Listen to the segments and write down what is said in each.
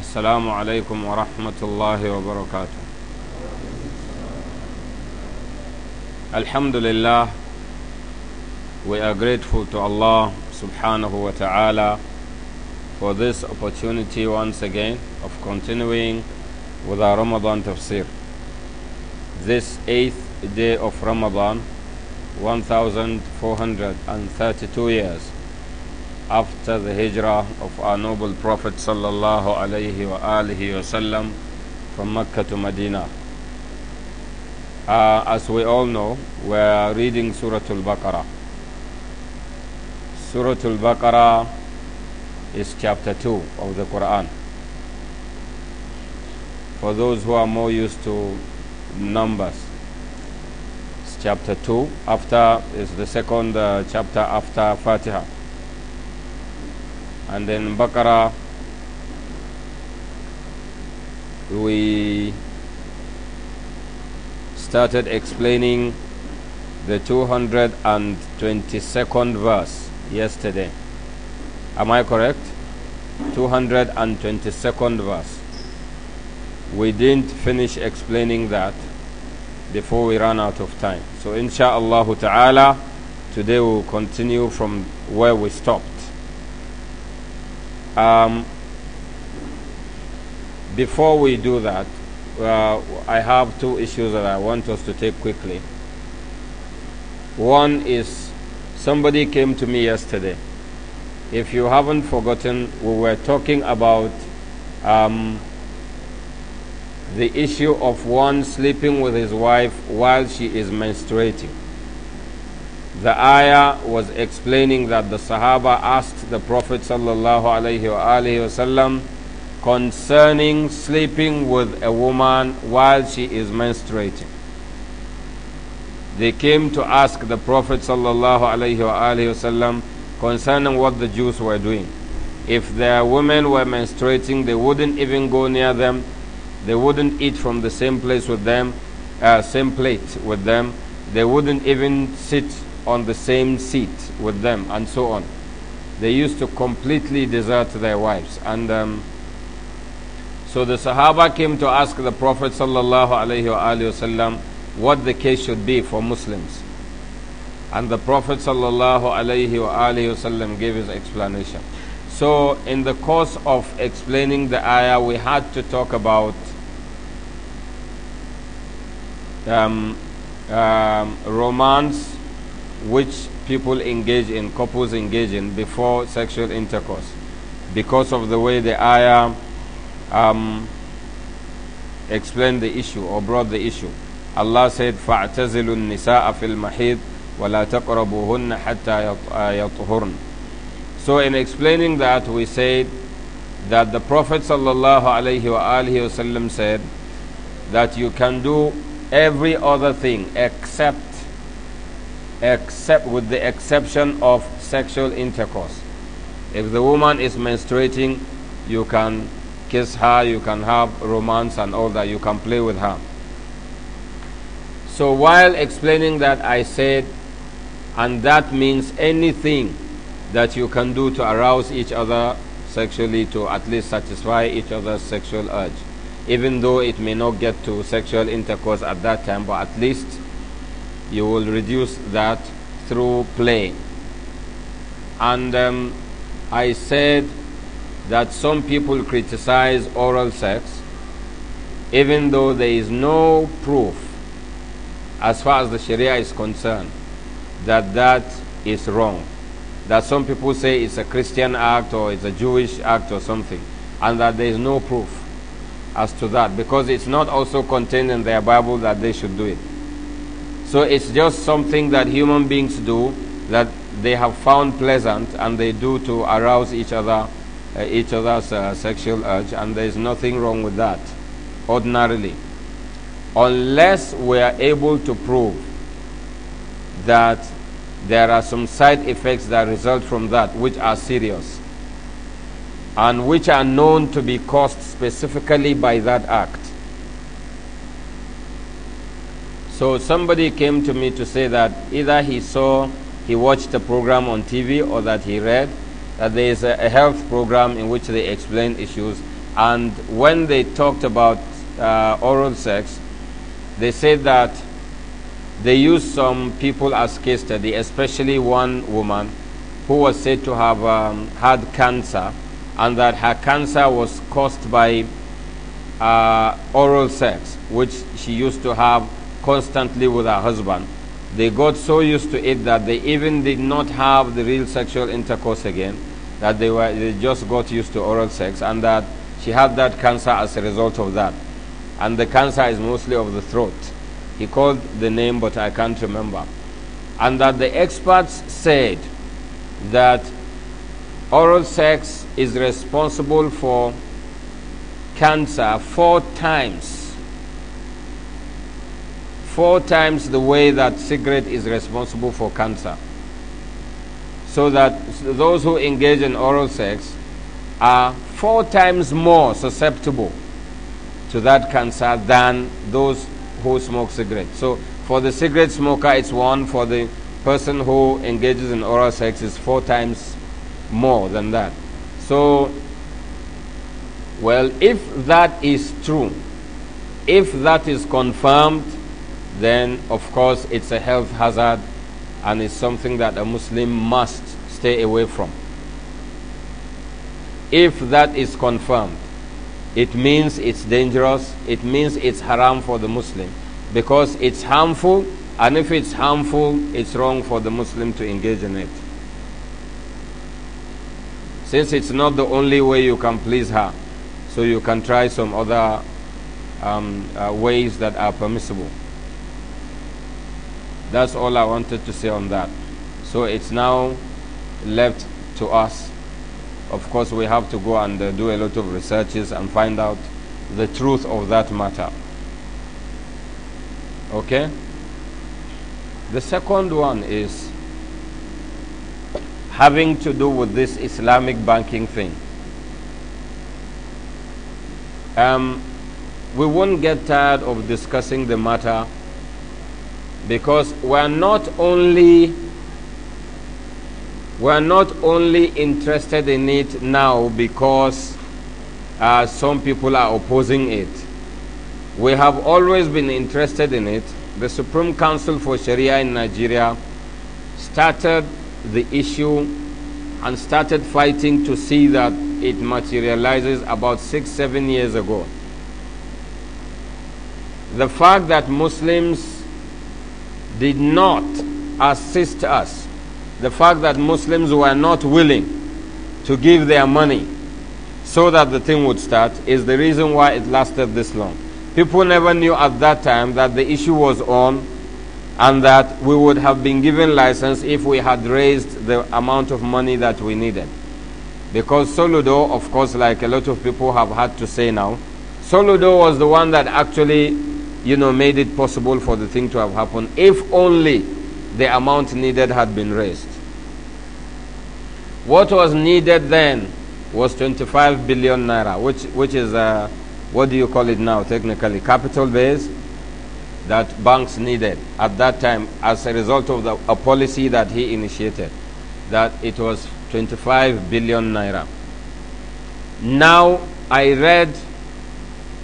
السلام عليكم ورحمة الله وبركاته الحمد لله we are grateful to Allah subhanahu wa ta'ala for this opportunity once again of continuing with our Ramadan tafsir this eighth day of Ramadan 1432 years after the hijrah of our noble Prophet sallallahu alaihi wasallam from Mecca to Medina. Uh, as we all know, we are reading Surah Al-Baqarah. Surah Al-Baqarah is chapter 2 of the Quran. For those who are more used to numbers, it's chapter 2 after is the second uh, chapter after Fatiha and then Bakara, we started explaining the 222nd verse yesterday am I correct 222nd verse we didn't finish explaining that before we ran out of time so inshallah ta'ala today we'll continue from where we stopped um, before we do that, uh, I have two issues that I want us to take quickly. One is somebody came to me yesterday. If you haven't forgotten, we were talking about um, the issue of one sleeping with his wife while she is menstruating. The ayah was explaining that the Sahaba asked the Prophet ﷺ concerning sleeping with a woman while she is menstruating. They came to ask the Prophet ﷺ concerning what the Jews were doing. If their women were menstruating, they wouldn't even go near them, they wouldn't eat from the same place with them, uh, same plate with them, they wouldn't even sit on the same seat with them and so on. They used to completely desert their wives. And um, so the Sahaba came to ask the Prophet sallallahu what the case should be for Muslims. And the Prophet sallallahu gave his explanation. So in the course of explaining the ayah, we had to talk about um, um, romance which people engage in, couples engage in before sexual intercourse because of the way the ayah um, explained the issue or brought the issue. Allah said, فَاعْتَزِلُوا النِّسَاءَ فِي الْمَحِيدِ وَلَا تَقْرَبُوهُنَّ حَتَّى يَطْهُرْنَ So in explaining that, we said that the Prophet sallallahu alaihi wasallam said that you can do every other thing except except with the exception of sexual intercourse. If the woman is menstruating, you can kiss her, you can have romance and all that, you can play with her. So while explaining that, I said, and that means anything that you can do to arouse each other sexually, to at least satisfy each other's sexual urge. Even though it may not get to sexual intercourse at that time, but at least you will reduce that through play. And um, I said that some people criticize oral sex, even though there is no proof, as far as the Sharia is concerned, that that is wrong. That some people say it's a Christian act or it's a Jewish act or something, and that there is no proof as to that because it's not also contained in their Bible that they should do it. So it's just something that human beings do that they have found pleasant and they do to arouse each other, uh, each other's uh, sexual urge, and there is nothing wrong with that, ordinarily, unless we are able to prove that there are some side effects that result from that which are serious and which are known to be caused specifically by that act. So somebody came to me to say that either he saw, he watched a program on TV or that he read that there is a, health program in which they explain issues. And when they talked about uh, oral sex, they said that they used some people as case study, especially one woman who was said to have um, had cancer and that her cancer was caused by uh, oral sex, which she used to have constantly with her husband, they got so used to it that they even did not have the real sexual intercourse again, that they, were, they just got used to oral sex, and that she had that cancer as a result of that. And the cancer is mostly of the throat. He called the name, but I can't remember. And that the experts said that oral sex is responsible for cancer four times four times the way that cigarette is responsible for cancer. So that those who engage in oral sex are four times more susceptible to that cancer than those who smoke cigarettes. So for the cigarette smoker, it's one. For the person who engages in oral sex, it's four times more than that. So, well, if that is true, if that is confirmed, then of course it's a health hazard and it's something that a Muslim must stay away from. If that is confirmed, it means it's dangerous, it means it's haram for the Muslim because it's harmful, and if it's harmful, it's wrong for the Muslim to engage in it. Since it's not the only way you can please her, so you can try some other um, uh, ways that are permissible. That's all I wanted to say on that. So it's now left to us. Of course, we have to go and uh, do a lot of researches and find out the truth of that matter. Okay? The second one is having to do with this Islamic banking thing. Um, we won't get tired of discussing the matter because we are not only we are not only interested in it now because uh, some people are opposing it. We have always been interested in it. The Supreme Council for Sharia in Nigeria started the issue and started fighting to see that it materializes about six, seven years ago. The fact that Muslims did not assist us. The fact that Muslims were not willing to give their money so that the thing would start is the reason why it lasted this long. People never knew at that time that the issue was on and that we would have been given license if we had raised the amount of money that we needed. Because Soludo, of course, like a lot of people have had to say now, Soludo was the one that actually you know, made it possible for the thing to have happened if only the amount needed had been raised. What was needed then was 25 billion naira, which, which is, uh, what do you call it now technically, capital base that banks needed at that time as a result of the, a policy that he initiated, that it was 25 billion naira. Now, I read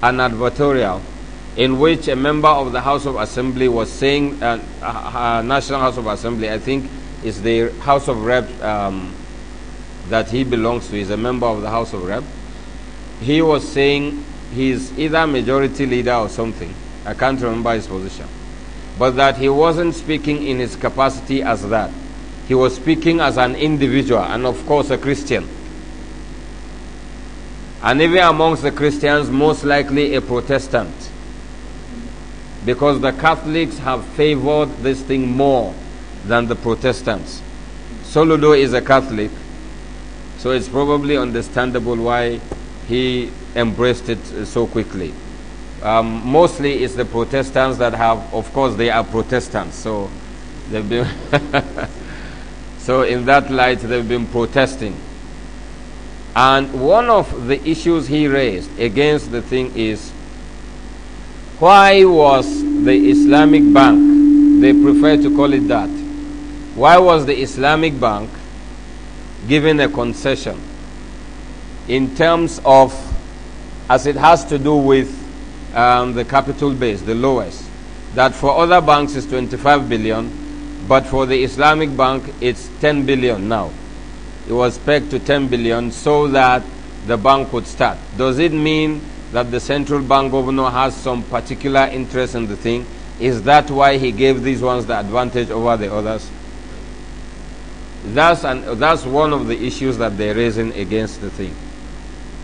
an advertorial in which a member of the House of Assembly was saying, uh, uh, uh, National House of Assembly, I think is the House of Rep um, that he belongs to, he's a member of the House of Rep. He was saying he's either majority leader or something. I can't remember his position. But that he wasn't speaking in his capacity as that. He was speaking as an individual and, of course, a Christian. And even amongst the Christians, most likely a Protestant because the Catholics have favored this thing more than the Protestants. Soludo is a Catholic, so it's probably understandable why he embraced it uh, so quickly. Um, mostly it's the Protestants that have, of course, they are Protestants, so they've been. so, in that light, they've been protesting. And one of the issues he raised against the thing is why was the Islamic Bank, they prefer to call it that, why was the Islamic Bank given a concession in terms of, as it has to do with um, the capital base, the lowest, that for other banks is 25 billion, but for the Islamic Bank it's 10 billion now. It was pegged to 10 billion so that the bank would start. Does it mean that the central bank governor has some particular interest in the thing? Is that why he gave these ones the advantage over the others? That's, an, that's one of the issues that they're raising against the thing.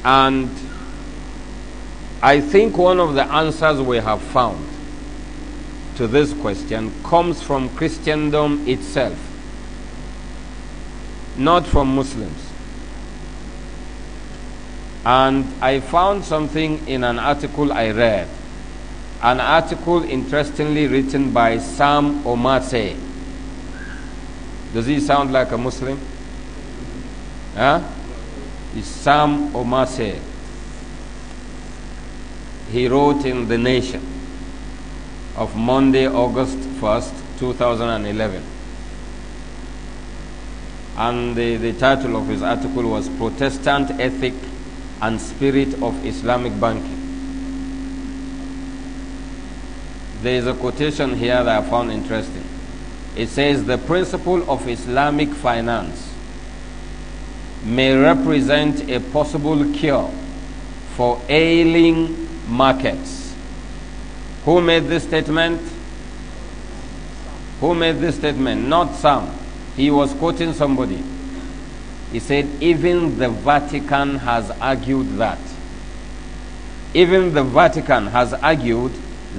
And I think one of the answers we have found to this question comes from Christendom itself, not from Muslims. And I found something in an article I read. An article, interestingly, written by Sam Omase. Does he sound like a Muslim? Huh? It's Sam Omase. He wrote in The Nation of Monday, August 1st, 2011. And the, the title of his article was Protestant Ethic and spirit of Islamic banking. There is a quotation here that I found interesting. It says, The principle of Islamic finance may represent a possible cure for ailing markets. Who made this statement? Who made this statement? Not Sam. He was quoting somebody. He said, even the Vatican has argued that. Even the Vatican has argued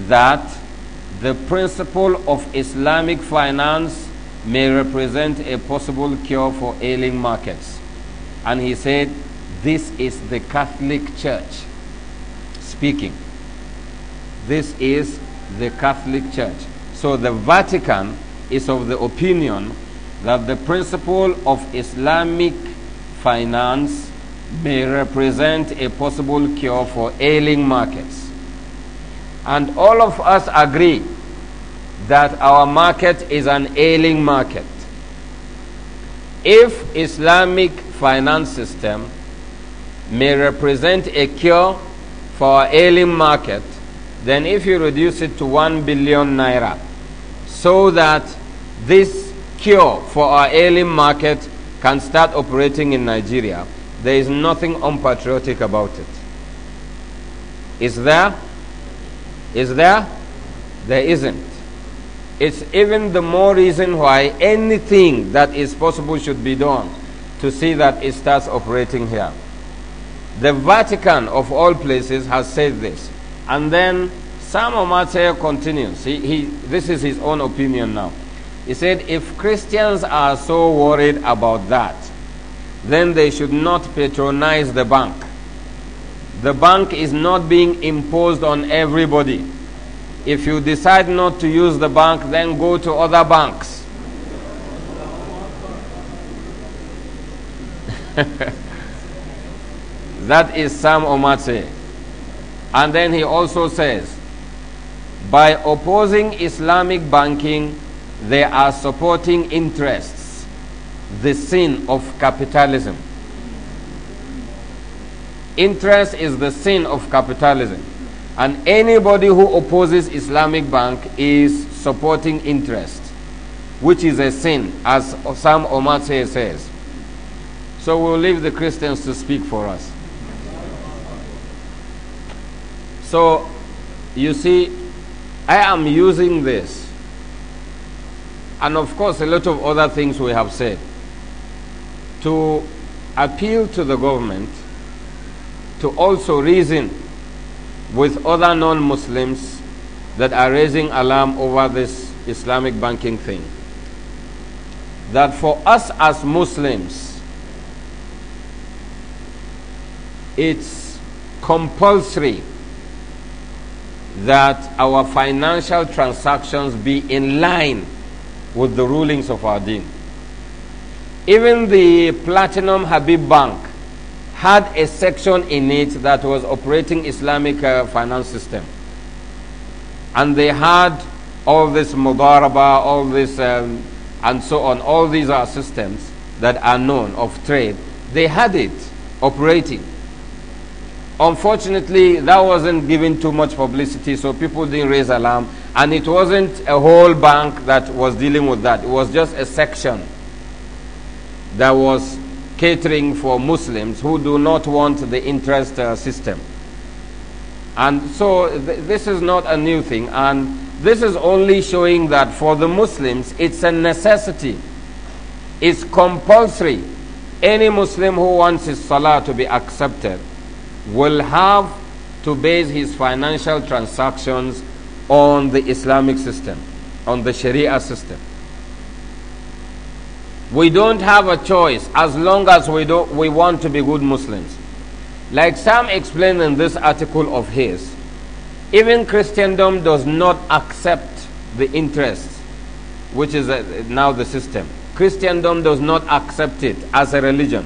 that the principle of Islamic finance may represent a possible cure for ailing markets. And he said, This is the Catholic Church speaking. This is the Catholic Church. So the Vatican is of the opinion that the principle of Islamic finance may represent a possible cure for ailing markets. And all of us agree that our market is an ailing market. If Islamic finance system may represent a cure for our ailing market, then if you reduce it to 1 billion naira, so that this cure for our ailing market can start operating in Nigeria, there is nothing unpatriotic about it. Is there? Is there? There isn't. It's even the more reason why anything that is possible should be done to see that it starts operating here. The Vatican, of all places, has said this. And then Sam Omatea continues. He, he, this is his own opinion now. He said, if Christians are so worried about that, then they should not patronize the bank. The bank is not being imposed on everybody. If you decide not to use the bank, then go to other banks. that is Sam Omatse. And then he also says, by opposing Islamic banking, they are supporting interests, the sin of capitalism. Interest is the sin of capitalism. And anybody who opposes Islamic Bank is supporting interest, which is a sin, as Sam Omatse says. So we'll leave the Christians to speak for us. So, you see, I am using this and of course a lot of other things we have said, to appeal to the government to also reason with other non Muslims that are raising alarm over this Islamic banking thing. That for us as Muslims, it's compulsory that our financial transactions be in line with the rulings of our deen. Even the Platinum Habib Bank had a section in it that was operating Islamic uh, finance system. And they had all this mudaraba, all this, um, and so on. All these are systems that are known of trade. They had it operating. Unfortunately, that wasn't given too much publicity, so people didn't raise alarm and it wasn't a whole bank that was dealing with that, it was just a section that was catering for Muslims who do not want the interest uh, system. And so th this is not a new thing, and this is only showing that for the Muslims it's a necessity, it's compulsory. Any Muslim who wants his salah to be accepted will have to base his financial transactions on the Islamic system, on the Sharia system. We don't have a choice as long as we, do, we want to be good Muslims. Like Sam explained in this article of his, even Christendom does not accept the interest, which is uh, now the system. Christendom does not accept it as a religion.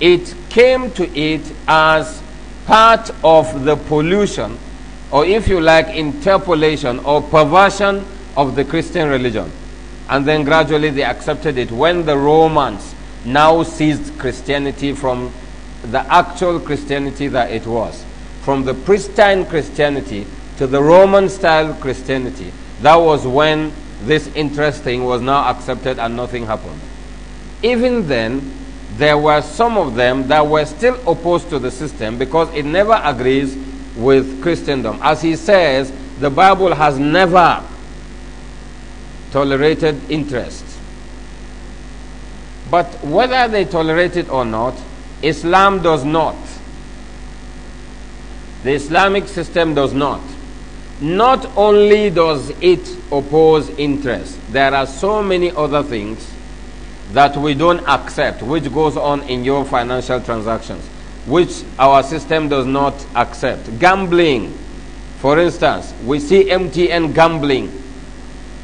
It came to it as part of the pollution or if you like, interpolation or perversion of the Christian religion. And then gradually they accepted it when the Romans now seized Christianity from the actual Christianity that it was. From the pristine Christianity to the Roman style Christianity. That was when this interesting was now accepted and nothing happened. Even then, there were some of them that were still opposed to the system because it never agrees with Christendom. As he says, the Bible has never tolerated interest. But whether they tolerate it or not, Islam does not. The Islamic system does not. Not only does it oppose interest, there are so many other things that we don't accept, which goes on in your financial transactions which our system does not accept. Gambling, for instance, we see MTN gambling,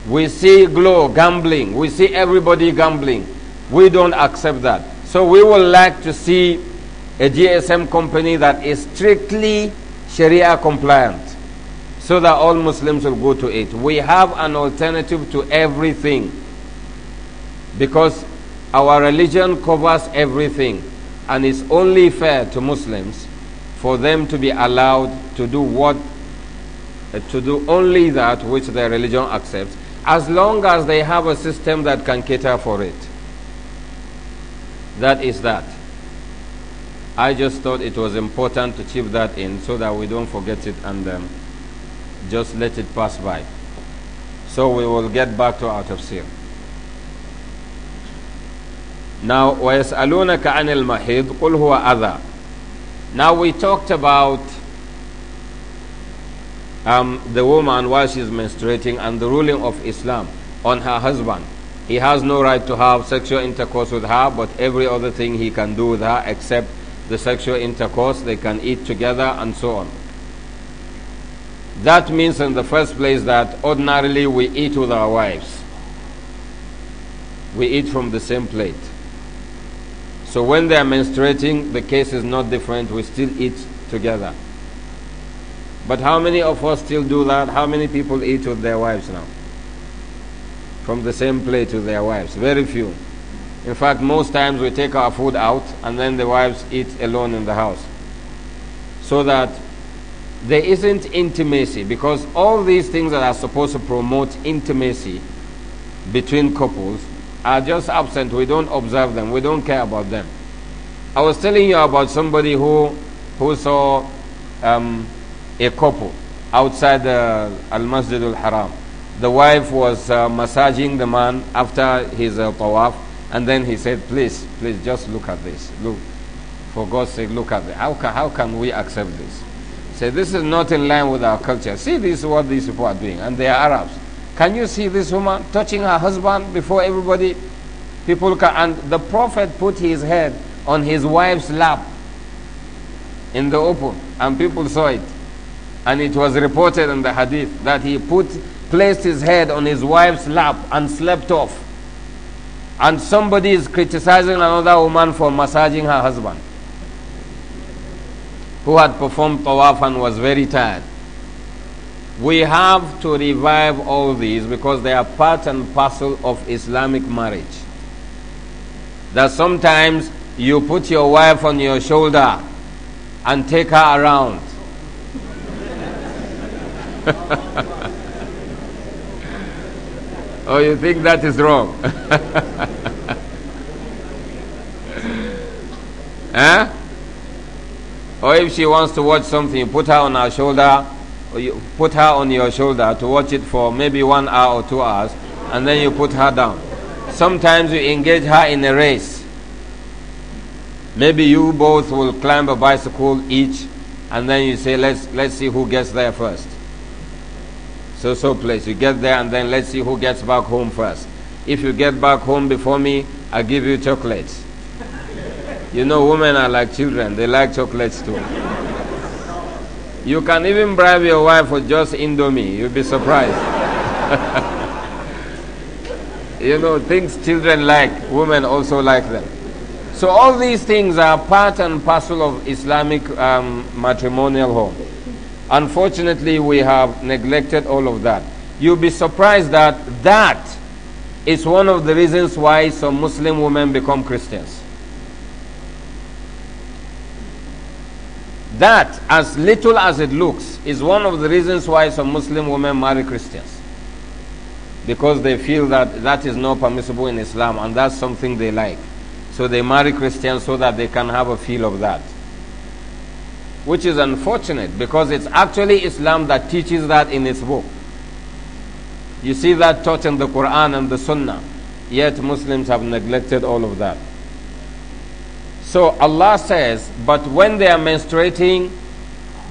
we see Glow gambling, we see everybody gambling. We don't accept that. So we would like to see a GSM company that is strictly Sharia compliant so that all Muslims will go to it. We have an alternative to everything because our religion covers everything and it's only fair to Muslims for them to be allowed to do what uh, to do only that which their religion accepts as long as they have a system that can cater for it. That is that. I just thought it was important to chip that in so that we don't forget it and um, just let it pass by. So we will get back to our tafsir. Now, وَيَسْأَلُونَكَ عَنِ الْمَحِيضِ قُلْ هُوَ أَذَى Now we talked about um, the woman while she's menstruating and the ruling of Islam on her husband. He has no right to have sexual intercourse with her, but every other thing he can do with her except the sexual intercourse, they can eat together and so on. That means, in the first place, that ordinarily we eat with our wives, we eat from the same plate. So when they are menstruating, the case is not different. We still eat together. But how many of us still do that? How many people eat with their wives now? From the same plate with their wives? Very few. In fact, most times we take our food out and then the wives eat alone in the house. So that there isn't intimacy because all these things that are supposed to promote intimacy between couples are just absent. We don't observe them. We don't care about them. I was telling you about somebody who, who saw um, a couple outside the uh, Al Masjid al Haram. The wife was uh, massaging the man after his uh, tawaf, and then he said, Please, please, just look at this. Look, for God's sake, look at this. How, ca- how can we accept this? Say, This is not in line with our culture. See, this is what these people are doing, and they are Arabs. Can you see this woman touching her husband before everybody? People can, and the Prophet put his head on his wife's lap in the open, and people saw it. And it was reported in the hadith that he put placed his head on his wife's lap and slept off. And somebody is criticizing another woman for massaging her husband, who had performed tawaf and was very tired. We have to revive all these because they are part and parcel of Islamic marriage. That sometimes you put your wife on your shoulder and take her around. or oh, you think that is wrong? Or if she wants to watch something, you put her on her shoulder you put her on your shoulder to watch it for maybe one hour or two hours, and then you put her down. Sometimes you engage her in a race. Maybe you both will climb a bicycle each, and then you say, let's, let's see who gets there first. So, so place. You get there, and then let's see who gets back home first. If you get back home before me, I give you chocolates. You know, women are like children, they like chocolates too. You can even bribe your wife with just Indomie. You'll be surprised. you know, things children like, women also like them. So all these things are part and parcel of Islamic um, matrimonial home. Unfortunately, we have neglected all of that. You'll be surprised that that is one of the reasons why some Muslim women become Christians. That, as little as it looks, is one of the reasons why some Muslim women marry Christians. Because they feel that that is not permissible in Islam and that's something they like. So they marry Christians so that they can have a feel of that. Which is unfortunate because it's actually Islam that teaches that in its book. You see that taught in the Quran and the Sunnah. Yet Muslims have neglected all of that. So Allah says, but when they are menstruating,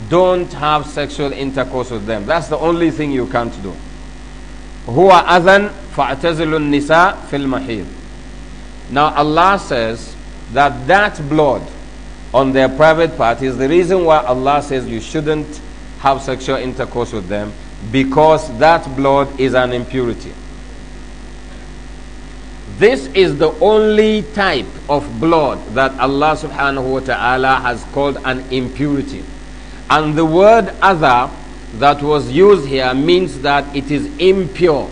don't have sexual intercourse with them. That's the only thing you can't do. هو أذن فاعتزلوا النساء في المحيض. Now Allah says that that blood on their private part is the reason why Allah says you shouldn't have sexual intercourse with them because that blood is an impurity. This is the only type of blood that Allah subhanahu wa ta'ala has called an impurity. And the word other that was used here means that it is impure.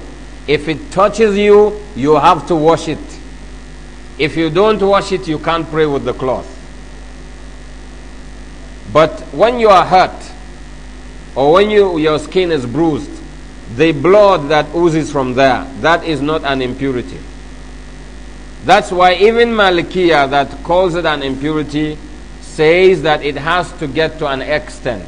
If it touches you, you have to wash it. If you don't wash it, you can't pray with the cloth. But when you are hurt or when you, your skin is bruised, the blood that oozes from there, that is not an impurity. That's why even Malikiya, that calls it an impurity, says that it has to get to an extent.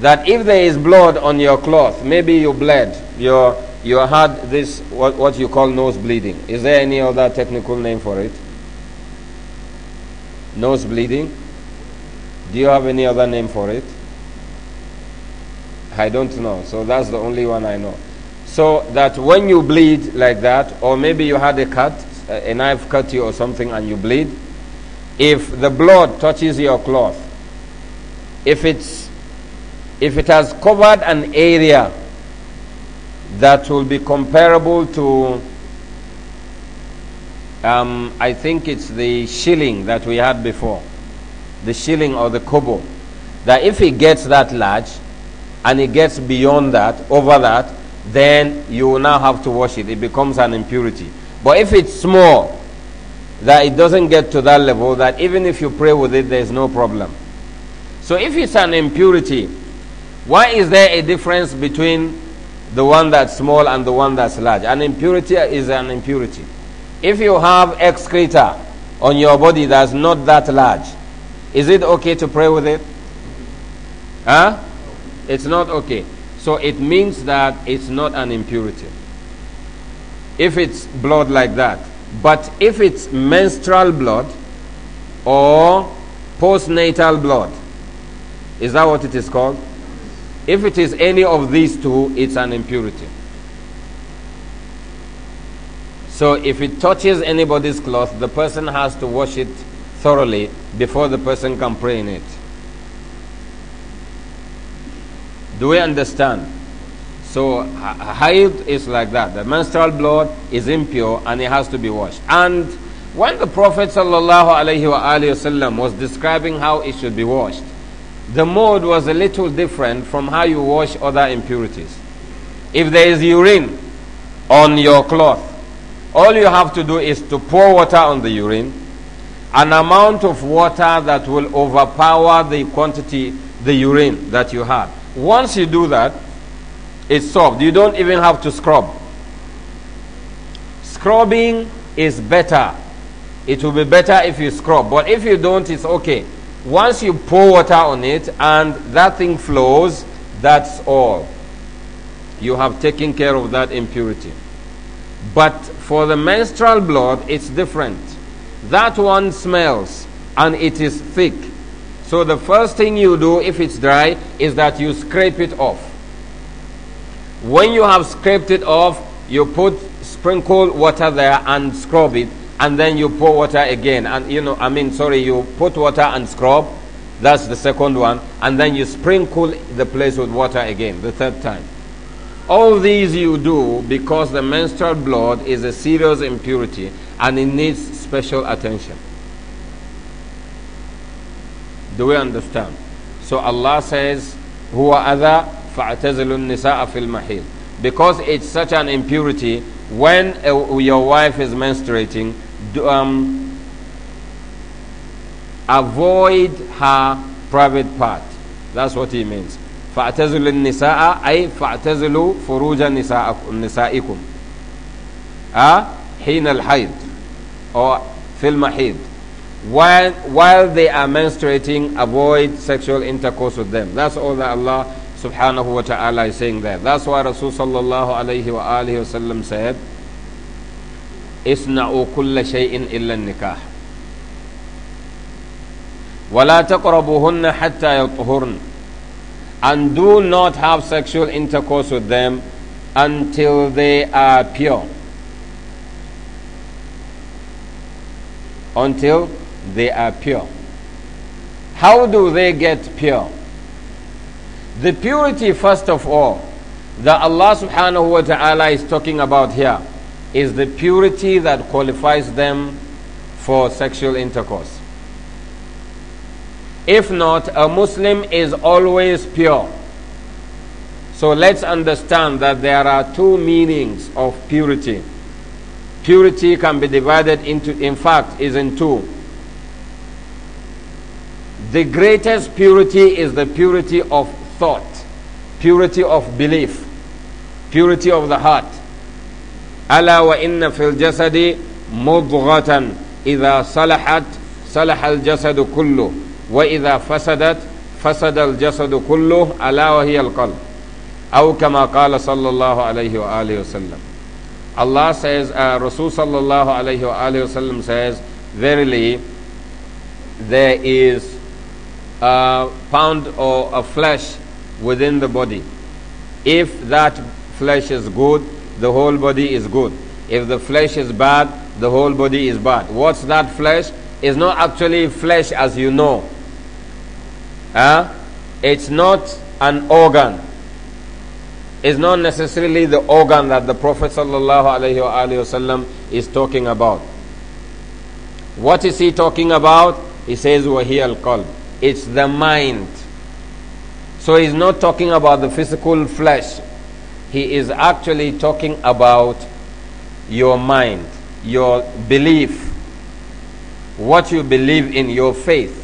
That if there is blood on your cloth, maybe you bled, you, you had this, what, what you call nose bleeding. Is there any other technical name for it? Nose bleeding? Do you have any other name for it? I don't know. So that's the only one I know. So that when you bleed like that, or maybe you had a cut, a knife cut you or something and you bleed, if the blood touches your cloth, if it's if it has covered an area that will be comparable to um, I think it's the shilling that we had before, the shilling or the kobo, that if it gets that large and it gets beyond that, over that, then you will now have to wash it. It becomes an impurity. But if it's small, that it doesn't get to that level, that even if you pray with it, there is no problem. So if it's an impurity, why is there a difference between the one that's small and the one that's large? An impurity is an impurity. If you have excreta on your body that's not that large, is it okay to pray with it? Huh? It's not okay. So it means that it's not an impurity if it's blood like that. But if it's menstrual blood or postnatal blood, is that what it is called? If it is any of these two, it's an impurity. So if it touches anybody's cloth, the person has to wash it thoroughly before the person can pray in it. Do we understand? So haid is like that. The menstrual blood is impure and it has to be washed. And when the Prophet wasallam was describing how it should be washed, the mode was a little different from how you wash other impurities. If there is urine on your cloth, all you have to do is to pour water on the urine, an amount of water that will overpower the quantity, the urine that you have. Once you do that, is soft. You don't even have to scrub. Scrubbing is better. It will be better if you scrub. But if you don't, it's okay. Once you pour water on it and that thing flows, that's all. You have taken care of that impurity. But for the menstrual blood, it's different. That one smells and it is thick. So the first thing you do if it's dry is that you scrape it off when you have scraped it off, you put sprinkle water there and scrub it, and then you pour water again. And you know, I mean, sorry, you put water and scrub. That's the second one. And then you sprinkle the place with water again, the third time. All these you do because the menstrual blood is a serious impurity and it needs special attention. Do we understand? So Allah says, Huwa other فَاعْتَزِلُ النِّسَاءَ فِي الْمَحِيلِ Because it's such an impurity, when your wife is menstruating, do, um, avoid her private part. That's what he means. فَاعْتَزِلُ النِّسَاءَ أي فَاعْتَزِلُوا فُرُوجَ نِسَائِكُمْ حين الحيض or في المحيض while, while they are menstruating, avoid sexual intercourse with them. That's all that Allah subhanahu wa ta'ala is saying there. That's why Rasul sallallahu alayhi wa alihi said, Isna'u كل shay'in إلا النكاح. وَلَا تَقْرَبُهُنَّ حَتَّى يَطْهُرْنَ And do not have sexual intercourse with them until they are pure. Until they are pure. How do they get pure? The purity, first of all, that Allah subhanahu wa ta'ala is talking about here is the purity that qualifies them for sexual intercourse. If not, a Muslim is always pure. So let's understand that there are two meanings of purity. Purity can be divided into, in fact, is in two. The greatest purity is the purity of thought, purity of belief, purity of the heart. ألا وإن في الجسد مضغة إذا صلحت صلح الجسد كله وإذا فسدت فسد الجسد كله ألا وهي القلب أو كما قال صلى الله عليه وآله وسلم Allah says uh, Rasul صلى الله عليه وآله وسلم says verily there is a pound or a flesh within the body. If that flesh is good, the whole body is good. If the flesh is bad, the whole body is bad. What's that flesh? It's not actually flesh as you know. Huh? It's not an organ. It's not necessarily the organ that the Prophet ﷺ is talking about. What is he talking about? He says, al qalb. It's the mind. So he's not talking about the physical flesh. He is actually talking about your mind, your belief, what you believe in, your faith.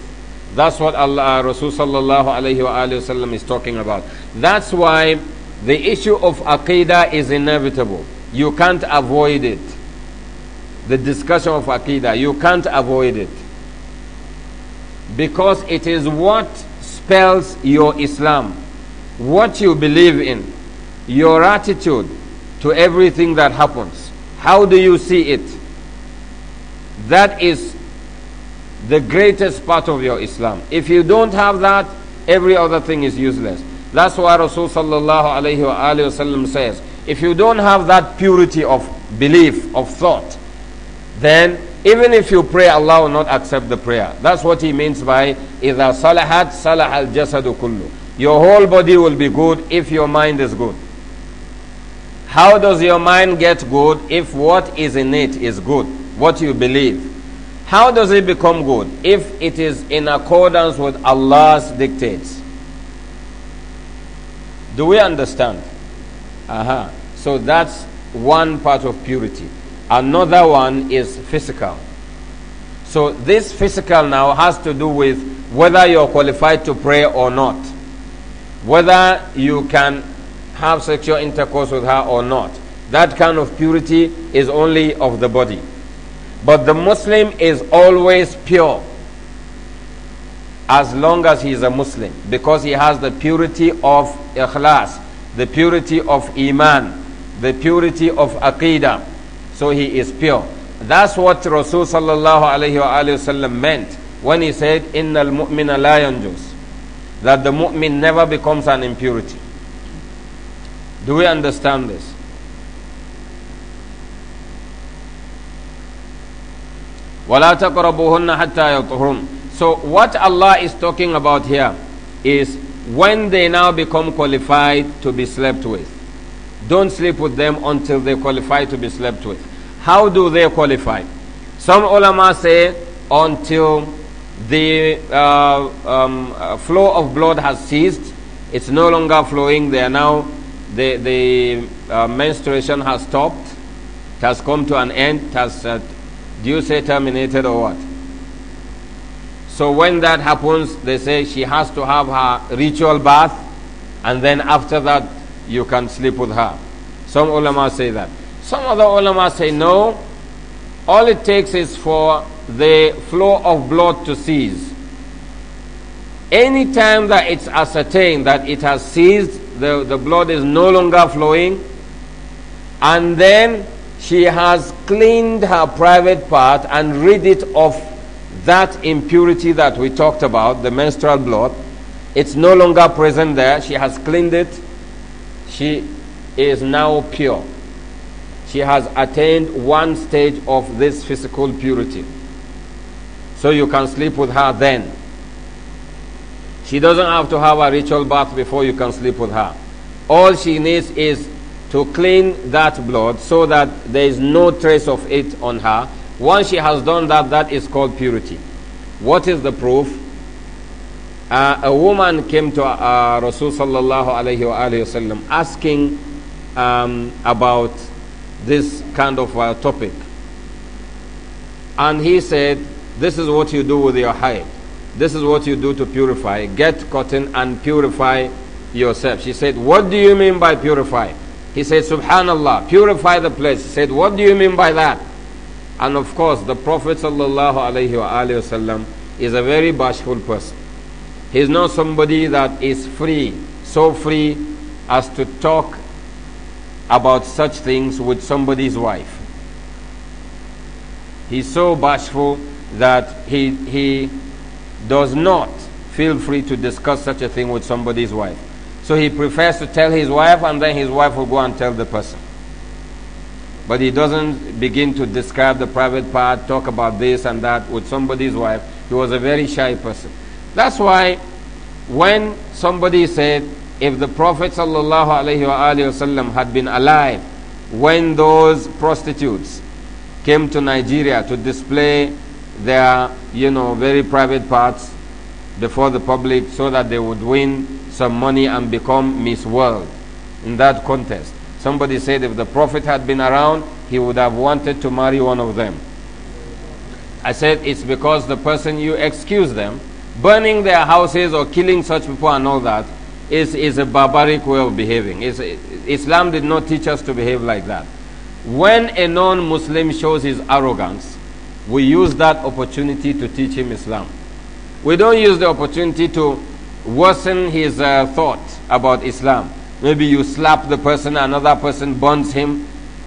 That's what Allah uh, Rasul is talking about. That's why the issue of aqidah is inevitable. You can't avoid it. The discussion of aqidah, you can't avoid it. Because it is what spells your Islam, what you believe in, your attitude to everything that happens. How do you see it? That is the greatest part of your Islam. If you don't have that, every other thing is useless. That's why Rasulullah sallallahu alayhi wa wasallam says, if you don't have that purity of belief, of thought, then even if you pray, Allah will not accept the prayer. That's what he means by إِذَا صَلَحَتْ صَلَحَ الْجَسَدُ كُلُّ Your whole body will be good if your mind is good. How does your mind get good if what is in it is good, what you believe? How does it become good? If it is in accordance with Allah's dictates. Do we understand? Aha. Uh -huh. So that's one part of purity. Another one is physical. So this physical now has to do with whether you're qualified to pray or not, whether you can have sexual intercourse with her or not. That kind of purity is only of the body. But the Muslim is always pure as long as he is a Muslim because he has the purity of ikhlas, the purity of iman, the purity of aqidah so he is pure. That's what Rasul sallallahu alayhi wa sallam meant when he said, Innal mu'mina la That the mu'min never becomes an impurity. Do we understand this? So what Allah is talking about here is when they now become qualified to be slept with. Don't sleep with them until they qualify to be slept with. How do they qualify? Some ulama say until the uh, um, uh, flow of blood has ceased, it's no longer flowing, they are now, the, the uh, menstruation has stopped, it has come to an end, it has, uh, do you say terminated or what? So when that happens, they say she has to have her ritual bath, and then after that, you can sleep with her. Some ulama say that. Some other ulama say no. All it takes is for the flow of blood to cease. Any time that it's ascertained that it has ceased, the, the blood is no longer flowing, and then she has cleaned her private part and rid it of that impurity that we talked about, the menstrual blood. It's no longer present there. She has cleaned it she is now pure. She has attained one stage of this physical purity. So you can sleep with her then. She doesn't have to have a ritual bath before you can sleep with her. All she needs is to clean that blood so that there is no trace of it on her. Once she has done that, that is called purity. What is the proof? uh, a woman came to uh, Rasulullah sallallahu asking um, about this kind of uh, topic. And he said, This is what you do with your hair. This is what you do to purify. Get cotton and purify yourself. She said, What do you mean by purify? He said, Subhanallah, purify the place. She said, What do you mean by that? And of course, the Prophet sallallahu wa sallam is a very bashful person. He is not somebody that is free, so free as to talk about such things with somebody's wife. He's so bashful that he, he does not feel free to discuss such a thing with somebody's wife. So he prefers to tell his wife, and then his wife will go and tell the person. But he doesn't begin to describe the private part, talk about this and that with somebody's wife. He was a very shy person. That's why when somebody said, if the Prophet ﷺ had been alive when those prostitutes came to Nigeria to display their, you know, very private parts before the public so that they would win some money and become Miss World in that contest. Somebody said if the Prophet had been around, he would have wanted to marry one of them. I said it's because the person you excuse them burning their houses or killing such people and all that is, is a barbaric way of behaving. It's, Islam did not teach us to behave like that. When a non Muslim shows his arrogance, we use that opportunity to teach him Islam. We don't use the opportunity to worsen his uh, thought about Islam. Maybe you slap the person, another person burns him.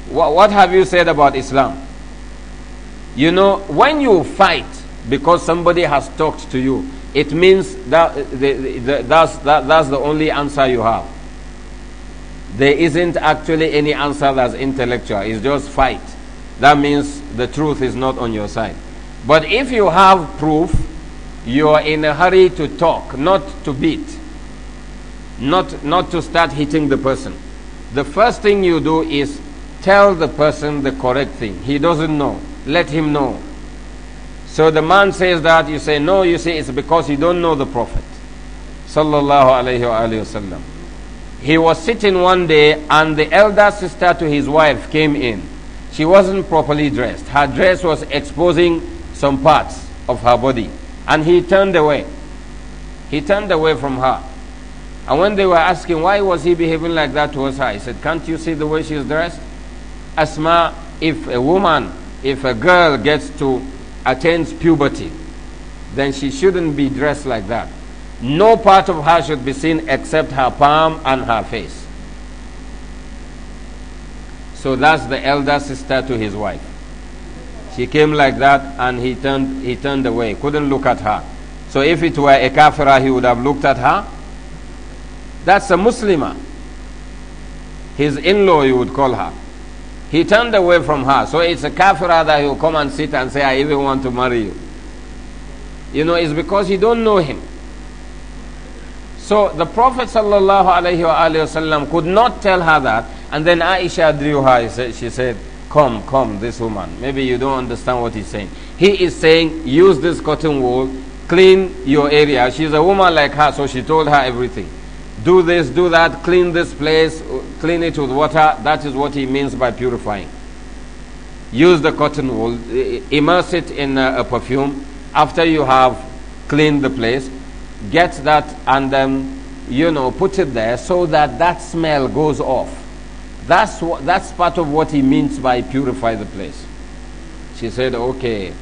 what have you said about Islam? You know, when you fight, because somebody has talked to you, it means that, uh, the, the, that's, that, that's the only answer you have. There isn't actually any answer that's intellectual, it's just fight. That means the truth is not on your side. But if you have proof, you are in a hurry to talk, not to beat, not, not to start hitting the person. The first thing you do is tell the person the correct thing. He doesn't know. Let him know. So the man says that, you say, no, you say it's because you don't know the Prophet. Sallallahu alayhi wasallam. He was sitting one day and the elder sister to his wife came in. She wasn't properly dressed. Her dress was exposing some parts of her body. And he turned away. He turned away from her. And when they were asking why was he behaving like that towards her, he said, Can't you see the way she is dressed? Asma, if a woman, if a girl gets to attains puberty, then she shouldn't be dressed like that. No part of her should be seen except her palm and her face. So that's the elder sister to his wife. She came like that and he turned, he turned away, couldn't look at her. So if it were a kafira, he would have looked at her. That's a Muslimah. His in law, you would call her. He turned away from her. So it's a kafirah that he'll come and sit and say, I even want to marry you. You know, it's because you don't know him. So the Prophet wasallam could not tell her that. And then Aisha drew her. She said, Come, come, this woman. Maybe you don't understand what he's saying. He is saying, Use this cotton wool, clean your area. She's a woman like her, so she told her everything do this, do that, clean this place, uh, clean it with water. That is what he means by purifying. Use the cotton wool, immerse it in uh, a, perfume after you have cleaned the place. Get that and um, you know, put it there so that that smell goes off. That's, that's part of what he means by purify the place. She said, okay.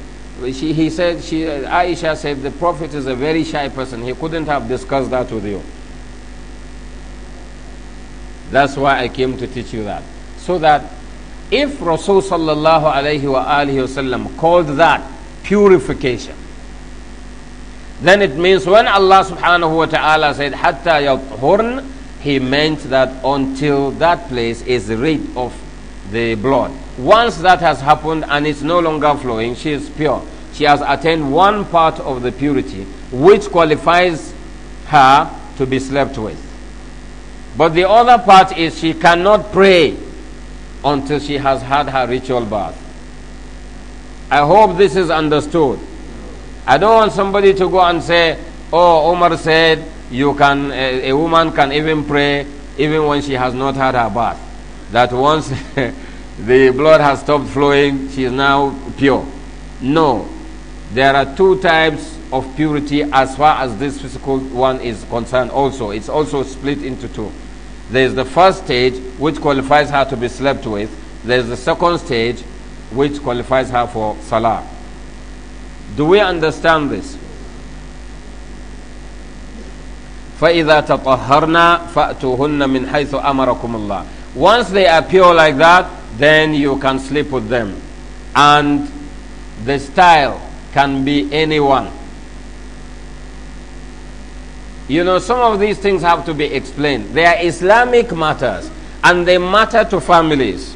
She, he said, she, uh, Aisha said, the Prophet is a very shy person. He couldn't have discussed that with you. That's why I came to teach you that. So that if Rasul sallallahu alayhi wa alayhi wa called that purification, then it means when Allah subhanahu wa ta'ala said, Hatta yathurn, he meant that until that place is rid of the blood. Once that has happened and it's no longer flowing, she is pure. She has attained one part of the purity which qualifies her to be slept with. But the other part is she cannot pray until she has had her ritual bath. I hope this is understood. I don't want somebody to go and say, Oh, Omar said you can, a, a woman can even pray even when she has not had her bath. That once the blood has stopped flowing, she is now pure. No. There are two types of purity as far as this physical one is concerned, also. It's also split into two. There is the first stage which qualifies her to be slept with. There is the second stage which qualifies her for salah. Do we understand this? فإذا تطهرنا فأتوهن من حيث أمركم الله Once they appear like that, then you can sleep with them. And the style can be anyone. You know, some of these things have to be explained. They are Islamic matters and they matter to families.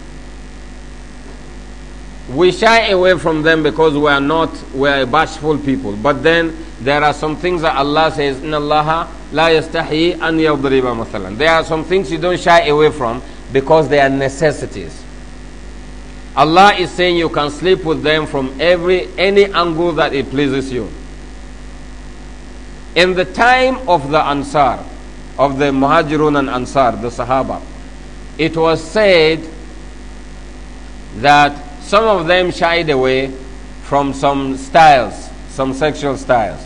We shy away from them because we are not, we are bashful people. But then there are some things that Allah says, in Allah la yastahi an yadriba mathalan. There are some things you don't shy away from because they are necessities. Allah is saying you can sleep with them from every any angle that it pleases you in the time of the Ansar, of the Muhajirun and Ansar, the Sahaba, it was said that some of them shied away from some styles, some sexual styles.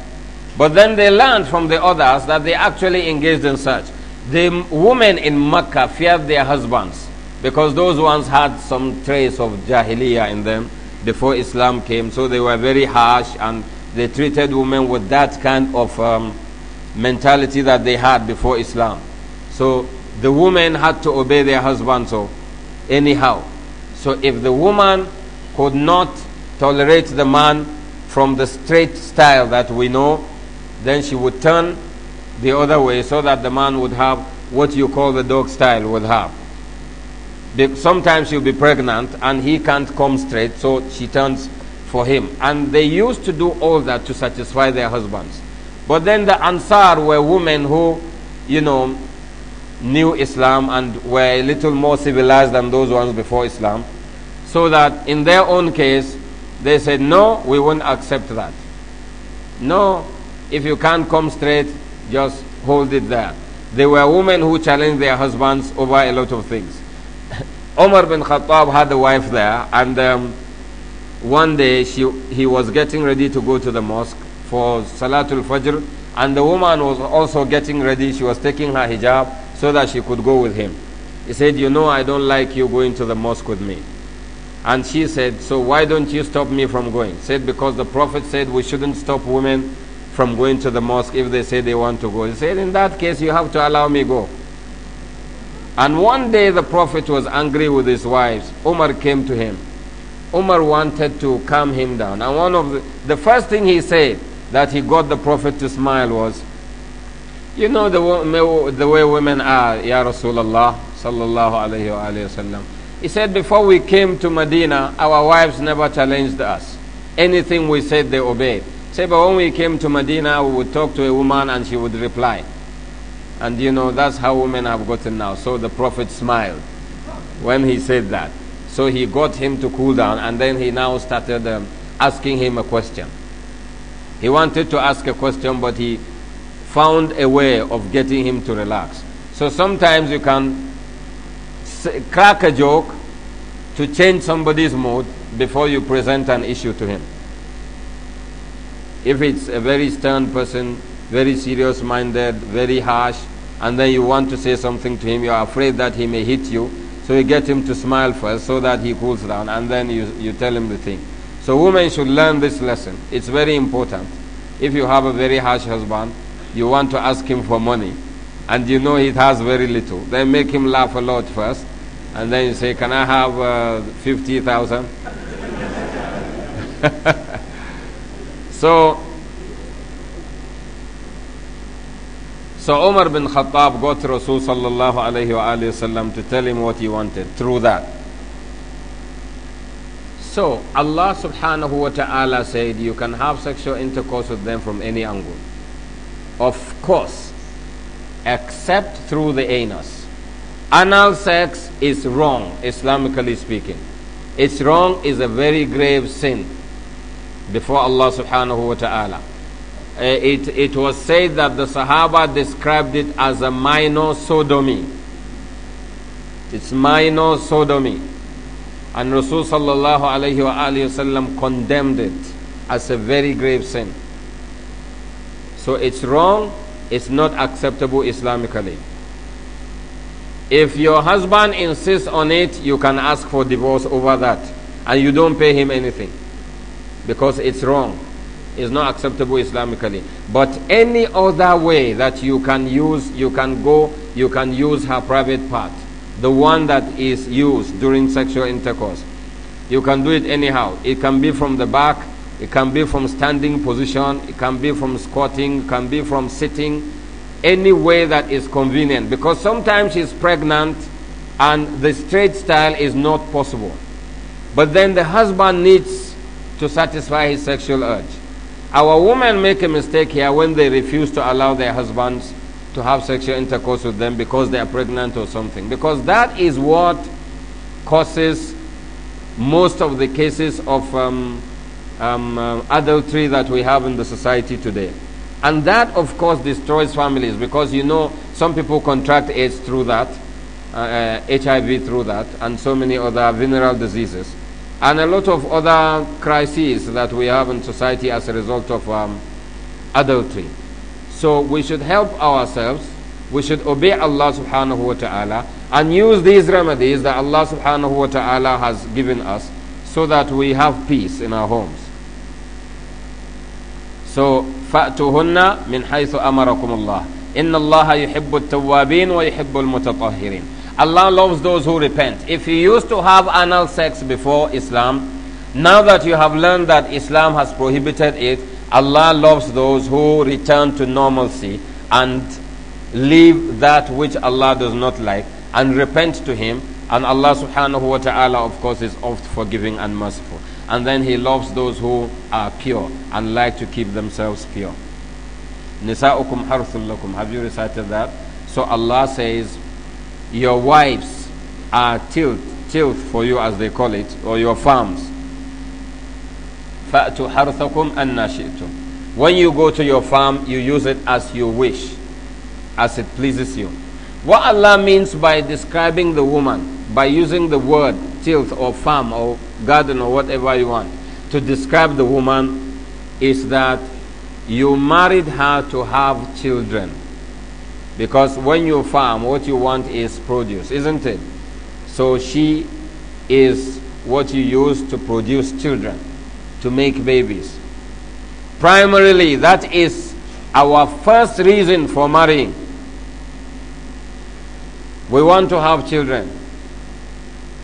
But then they learned from the others that they actually engaged in such. The women in Mecca feared their husbands because those ones had some trace of Jahiliyyah in them before Islam came, so they were very harsh and they treated women with that kind of um, mentality that they had before Islam. So the women had to obey their husbands so anyhow. So if the woman could not tolerate the man from the straight style that we know, then she would turn the other way so that the man would have what you call the dog style would have. Sometimes she'll be pregnant and he can't come straight, so she turns for him. And they used to do all that to satisfy their husbands. But then the Ansar were women who, you know, knew Islam and were a little more civilized than those ones before Islam. So that in their own case, they said, No, we won't accept that. No, if you can't come straight, just hold it there. They were women who challenged their husbands over a lot of things. Omar bin Khattab had a wife there, and um, one day she, he was getting ready to go to the mosque for Salatul Fajr, and the woman was also getting ready. She was taking her hijab so that she could go with him. He said, You know, I don't like you going to the mosque with me. And she said, So why don't you stop me from going? Said, Because the Prophet said we shouldn't stop women from going to the mosque if they say they want to go. He said, In that case, you have to allow me go. And one day the Prophet was angry with his wives. Umar came to him Umar wanted to calm him down. And one of the, the first thing he said that he got the Prophet to smile was, You know the, the way women are, Ya Rasulullah, sallallahu alayhi wa, He said, Before we came to Medina, our wives never challenged us. Anything we said, they obeyed. Say, but when we came to Medina, we would talk to a woman and she would reply. And you know, that's how women have gotten now. So the Prophet smiled when he said that. So he got him to cool down and then he now started um, asking him a question. He wanted to ask a question, but he found a way of getting him to relax. So sometimes you can crack a joke to change somebody's mood before you present an issue to him. If it's a very stern person, very serious minded, very harsh, and then you want to say something to him, you are afraid that he may hit you, so you get him to smile first so that he cools down and then you, you tell him the thing. So women should learn this lesson. It's very important. If you have a very harsh husband, you want to ask him for money and you know he has very little, then make him laugh a lot first and then you say, Can I have uh, 50,000? so So Umar bin Khattab got Rasul sallallahu alayhi wa sallam to tell him what he wanted through that. So Allah subhanahu wa ta'ala said you can have sexual intercourse with them from any angle. Of course, except through the anus. Anal sex is wrong, Islamically speaking. It's wrong is a very grave sin before Allah subhanahu wa ta'ala. Uh, it, it was said that the Sahaba described it as a minor sodomy. It's minor sodomy. And Rasul sallallahu alayhi wa alayhi condemned it as a very grave sin. So it's wrong, it's not acceptable Islamically. If your husband insists on it, you can ask for divorce over that. And you don't pay him anything. Because it's wrong is not acceptable Islamically. But any other way that you can use, you can go, you can use her private part, the one that is used during sexual intercourse. You can do it anyhow. It can be from the back, it can be from standing position, it can be from squatting, it can be from sitting, any way that is convenient. Because sometimes she's pregnant and the straight style is not possible. But then the husband needs to satisfy his sexual urge. Our women make a mistake here when they refuse to allow their husbands to have sexual intercourse with them because they are pregnant or something. Because that is what causes most of the cases of um, um, uh, adultery that we have in the society today. And that, of course, destroys families because you know some people contract AIDS through that, uh, uh, HIV through that, and so many other venereal diseases and a lot of other crises that we have in society as a result of um, adultery. So we should help ourselves, we should obey Allah subhanahu wa ta'ala and use these remedies that Allah subhanahu wa ta'ala has given us so that we have peace in our homes. So فَأْتُهُنَّ مِنْ حَيْثُ أَمَرَكُمُ اللَّهُ إِنَّ اللَّهَ يُحِبُّ التَّوَّابِينَ وَيُحِبُّ الْمُتَطَهِّرِينَ Allah loves those who repent. If you used to have anal sex before Islam, now that you have learned that Islam has prohibited it, Allah loves those who return to normalcy and leave that which Allah does not like and repent to Him. And Allah subhanahu wa ta'ala, of course, is oft forgiving and merciful. And then He loves those who are pure and like to keep themselves pure. Nisa'ukum harthul lakum. Have you recited that? So Allah says, your wives are tilth, tilt for you as they call it, or your farms. When you go to your farm, you use it as you wish, as it pleases you. What Allah means by describing the woman, by using the word tilt or farm or garden or whatever you want, to describe the woman is that you married her to have children. Because when you farm, what you want is produce, isn't it? So she is what you use to produce children, to make babies. Primarily, that is our first reason for marrying. We want to have children.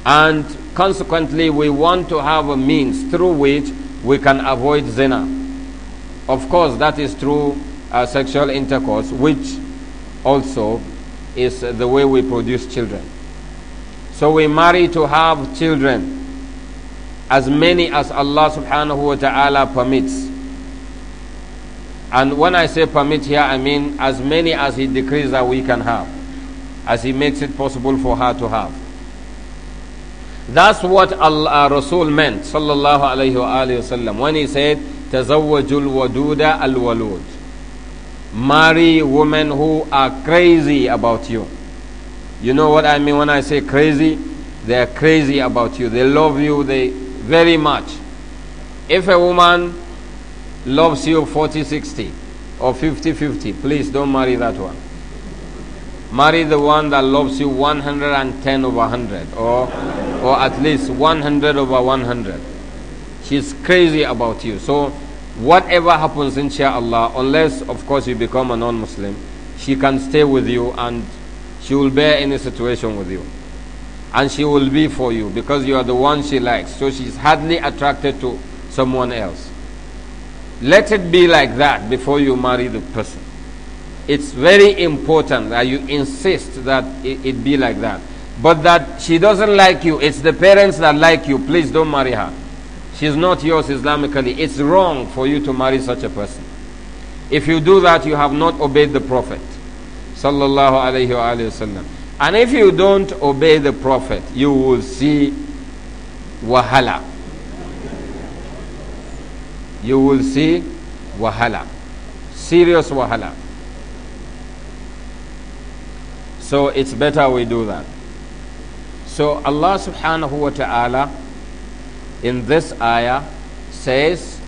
And consequently, we want to have a means through which we can avoid zina. Of course, that is through uh, sexual intercourse, which also is the way we produce children. So we marry to have children, as many as Allah subhanahu wa ta'ala permits. And when I say permit here, I mean as many as He decrees that we can have, as He makes it possible for her to have. That's what Allah, uh, Rasul meant, sallallahu alayhi wa sallam, when he said, تزوج الودود الولود marry women who are crazy about you. You know what I mean when I say crazy? They are crazy about you. They love you they very much. If a woman loves you 40 60 or 50 50, please don't marry that one. Marry the one that loves you 110 over 100 or, or at least 100 over 100. She's crazy about you. So whatever happens inshallah unless of course you become a non-muslim she can stay with you and she will bear any situation with you and she will be for you because you are the one she likes so she's hardly attracted to someone else let it be like that before you marry the person it's very important that you insist that it, it be like that but that she doesn't like you it's the parents that like you please don't marry her She's not yours Islamically. It's wrong for you to marry such a person. If you do that, you have not obeyed the Prophet. Sallallahu alayhi wasallam. And if you don't obey the Prophet, you will see wahala. You will see wahala. Serious wahala. So it's better we do that. So Allah subhanahu wa ta'ala in this ayah says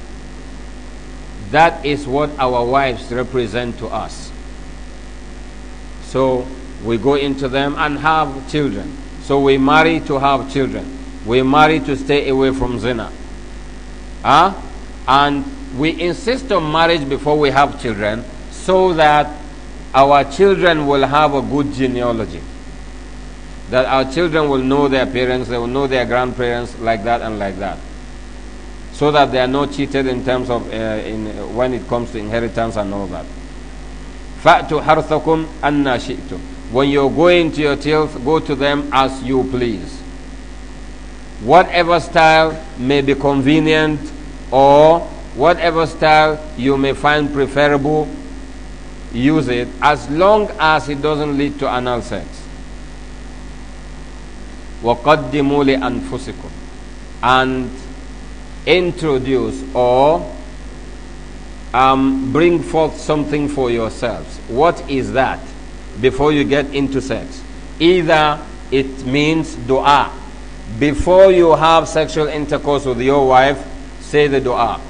that is what our wives represent to us. So we go into them and have children. So we marry to have children. We marry to stay away from zina. Huh? Ah? And we insist on marriage before we have children so that our children will have a good genealogy. That our children will know their parents, they will know their grandparents like that and like that. So that they are not cheated in terms of uh, in, uh, when it comes to inheritance and all that. Fatu حَرْثَكُمْ أَنَّا شِئْتُمْ When you're going to your tilth, go to them as you please. Whatever style may be convenient or whatever style you may find preferable, use it as long as it doesn't lead to anal sex. وَقَدِّمُوا لِأَنفُسِكُمْ And introduce or um, bring forth something for yourselves. What is that before you get into sex? Either it means dua. Before you have sexual intercourse with your wife, say the dua.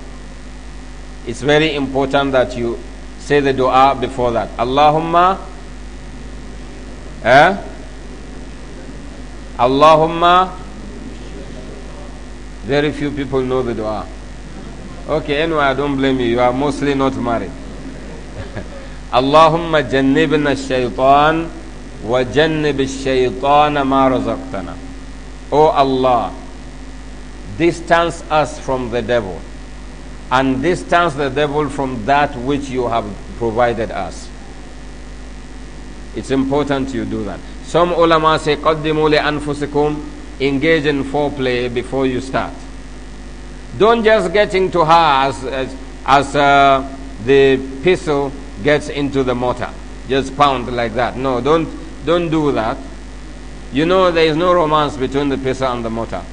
It's very important that you say the dua before that. Allahumma. Eh? Allahumma. Very few people know the dua. Okay, anyway, I don't blame you. You are mostly not married. Allahumma jannibna shaytan wa jannib shaitana ma razaqtana. O Allah, distance us from the devil and distance the devil from that which you have provided us. It's important you do that. Some ulama say, قَدِّمُوا لِأَنفُسِكُمْ Engage in foreplay before you start. Don't just get into her as, as, as uh, the pistol gets into the mortar. Just pound like that. No, don't, don't do that. You know there is no romance between the pistol and the mortar.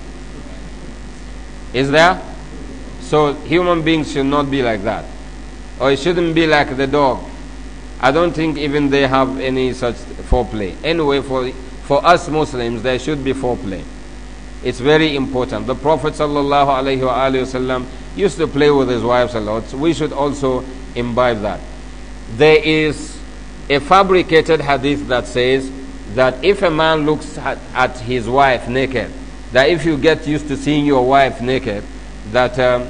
Is there? So human beings should not be like that. Or it shouldn't be like the dog I don't think even they have any such foreplay. Anyway, for, for us Muslims, there should be foreplay. It's very important. The Prophet wasallam used to play with his wives a lot. So we should also imbibe that. There is a fabricated hadith that says that if a man looks at, at his wife naked, that if you get used to seeing your wife naked, that um,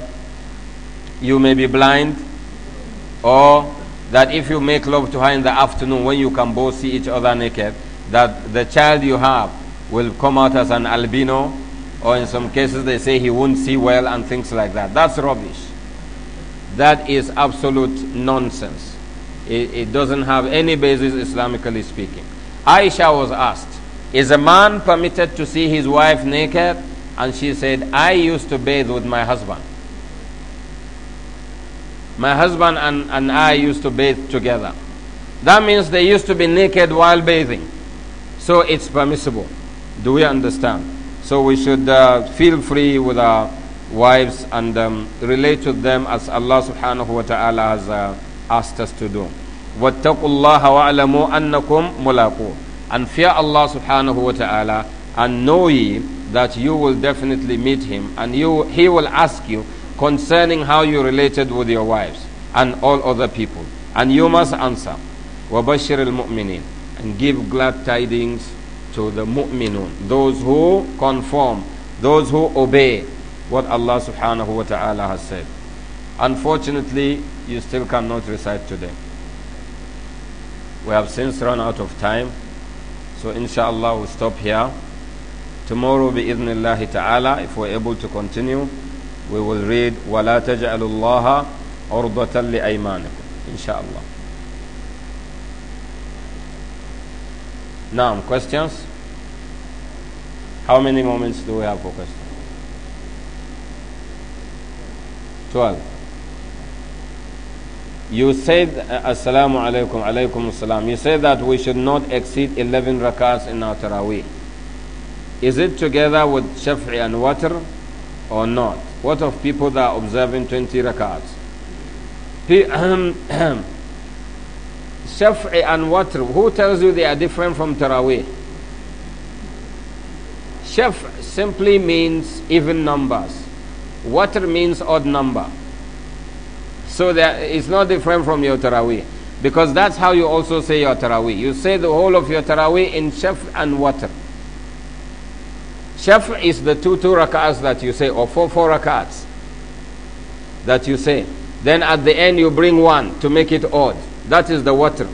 you may be blind or that if you make love to her in the afternoon when you can both see each other naked, that the child you have will come out as an albino, or in some cases they say he won't see well and things like that. That's rubbish. That is absolute nonsense. It, it doesn't have any basis Islamically speaking. Aisha was asked, Is a man permitted to see his wife naked? And she said, I used to bathe with my husband. My husband and, and I used to bathe together. That means they used to be naked while bathing. So it's permissible. Do we understand? So we should uh, feel free with our wives and um, relate to them as Allah subhanahu wa ta'ala has uh, asked us to do. وَاتَّقُوا اللَّهَ أَنَّكُمْ And fear Allah subhanahu wa ta'ala and know ye that you will definitely meet him and you, he will ask you concerning how you related with your wives and all other people. And you must answer. وَبَشِّرِ الْمُؤْمِنِينَ And give glad tidings to the mu'minun, those who conform, those who obey what Allah subhanahu wa ta'ala has said. Unfortunately, you still cannot recite today. We have since run out of time, so inshallah we'll stop here. Tomorrow, bi idhnillahi ta'ala, if we're able to continue, we will read وَلَا تَجْعَلُ اللَّهَ عُرْضَةً لِأَيْمَانِكُمْ inshallah now questions how many moments do we have for questions 12 you said uh, assalamu alaikum alaikum assalam you said that we should not exceed 11 rakats in our taraweeh is it together with shafi and water or not what of people that are observing 20 rakats? Shaf'i and Watr, who tells you they are different from Taraweeh? Shaf simply means even numbers. Watr means odd number. So that it's not different from your Taraweeh. Because that's how you also say your Taraweeh. You say the whole of your Taraweeh in Shaf and Watr. Shaf is the two two rak'ahs that you say, or four four rak'ahs that you say. Then at the end you bring one to make it odd. That is the water.